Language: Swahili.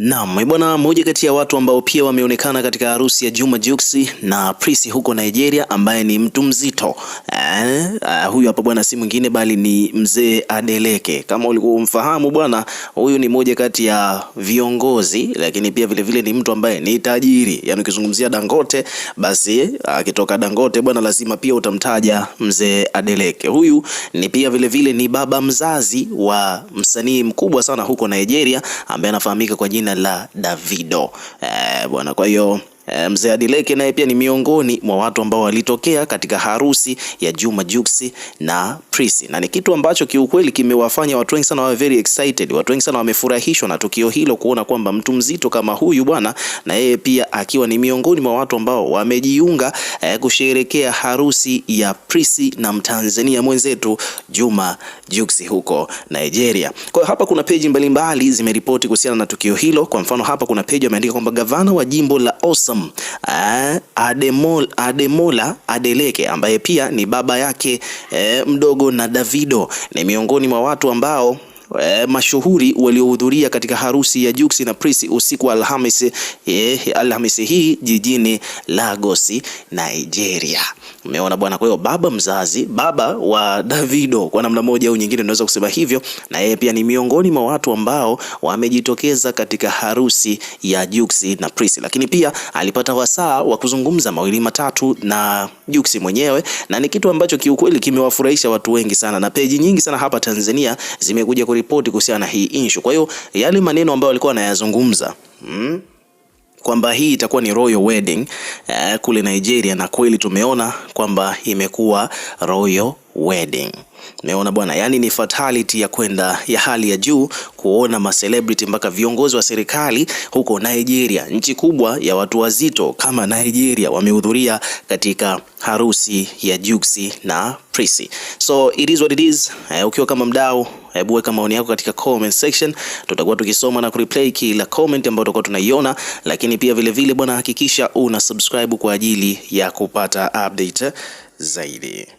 Naam, eh, bwana, mmoja kati ya watu ambao pia wameonekana katika harusi ya Juma Jux na Prisi huko Nigeria, ambaye ni mtu mzito eh, uh, huyu hapa bwana, si mwingine bali ni mzee Adeleke. Kama ulikuwa umfahamu bwana, huyu ni mmoja kati ya viongozi, lakini pia vile vile ni mtu ambaye ni tajiri. Yaani ukizungumzia Dangote, basi eh, akitoka uh, Dangote bwana, lazima pia utamtaja mzee Adeleke. Huyu ni pia vile vile ni baba mzazi wa msanii mkubwa sana huko Nigeria ambaye anafahamika kwa jina jina la Davido eh, bwana, kwa hiyo Eh, mzee Adileke naye pia ni miongoni mwa watu ambao walitokea katika harusi ya Juma Jux na Prisi, na ni kitu ambacho kiukweli kimewafanya watu wengi sana wawe very excited. Watu wengi sana wamefurahishwa na tukio hilo, kuona kwamba mtu mzito kama huyu bwana, na yeye pia akiwa ni miongoni mwa watu ambao wamejiunga eh, kusherekea harusi ya Prisi na Mtanzania mwenzetu Juma Jux huko Nigeria. Kwa hapa kuna peji mbalimbali zimeripoti kuhusiana na tukio hilo. Kwa mfano hapa kuna peji ameandika kwamba gavana wa jimbo la Osama Salaam eh, Ademola, Ademola Adeleke ambaye pia ni baba yake eh, mdogo na Davido ni miongoni mwa watu ambao eh, mashuhuri waliohudhuria katika harusi ya Jux na Prissy usiku wa Alhamisi eh, Alhamisi hii jijini Lagos, Nigeria. Umeona bwana, kwa hiyo baba mzazi, baba wa Davido kwa namna moja au nyingine unaweza kusema hivyo, na yeye pia ni miongoni mwa watu ambao wamejitokeza katika harusi ya Jux na Prissy, lakini pia alipata wasaa wa kuzungumza mawili matatu na Jux mwenyewe, na ni kitu ambacho kiukweli kimewafurahisha watu wengi sana, na peji nyingi sana hapa Tanzania zimekuja kuripoti kuhusiana na hii issue. Kwa hiyo yale maneno ambayo walikuwa wanayazungumza hmm? kwamba hii itakuwa ni royal wedding uh, kule Nigeria, na kweli tumeona kwamba imekuwa royal wedding. Meona bwana, yani ni fatality ya kwenda ya hali ya juu kuona ma celebrity mpaka viongozi wa serikali huko Nigeria, nchi kubwa ya watu wazito kama Nigeria, wamehudhuria katika harusi ya Juksi na Prissy. So it is what it is. Uh, ukiwa kama mdau Hebu weka maoni yako katika comment section, tutakuwa tukisoma na kureplay kila comment ambayo tutakuwa tunaiona, lakini pia vile vile bwana, hakikisha una subscribe kwa ajili ya kupata update zaidi.